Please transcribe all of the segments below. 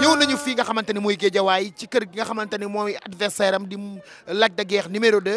ñëw nañu fii nga xamante ni mooy géejawaay ci kër gi nga xamante ni mooy adversaire am di Lac de Guiers numéro 2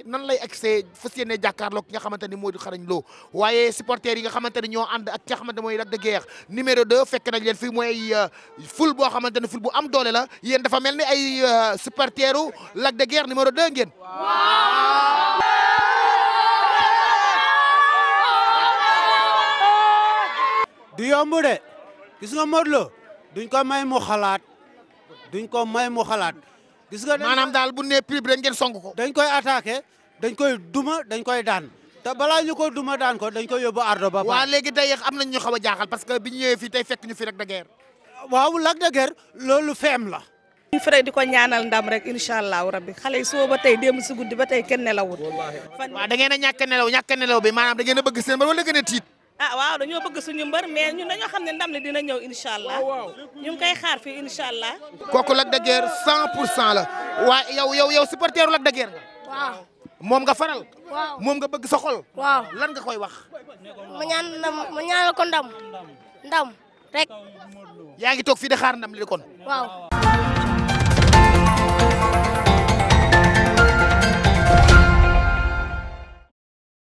lay nan lay accès fas yéene jàkkaarloo ki nga xamante ni moo di xarañ loo waaye supporters yi nga xamante ni ñoo ànd ak ki nga xamante mooy Lac de Guiers numéro 2 fekk nañ leen fii mooy euh, ful boo xamante ni ful bu am doole la yéen dafa mel ni ay euh, supporteru Lac de Guiers numéro de ngeen. du yomb de gis nga Modou Lo duñ ko may mu xalaat duñ ko may mu xalaat. gis nga maanaam daal bu nee prix bi rek ngeen song ko. dañ koy attaqué dañ koy duma dañ koy daan te balaa ñu ko duma daan ko dañ koy yóbbu ardo ba. waaw léegi tey am nañ ñu xaw a jaaxal parce que bi ñu ñëwee fii tey fekk ñu fi rek de guerre. waaw Lac loolu feem la. ñu fere di ko ñaanal ndam rek incha allahu rabbi xale yi suba ba tey démb si guddi ba tey kenn nelawul. waaw da ngeen a ñàkk nelaw ñàkk nelaw bi maanaam da a bëgg seen ba wala da tiit. ah waaw dañoo bëgg suñu mbër mais da dañoo xam ne dam li dina ñëw incha allah ñu ngi xaar fii incha allah. kooku Lac de Guiers pour cent la waaye yow yow yow supporteru Lac de Guiers moom nga faral. moom nga bëgg soxol waaw lan nga koy wax. mu ñaan ndam mu ñaanal ko ndam. ndam rek. yaa ngi toog fii di xaar ndam li kon. waaw.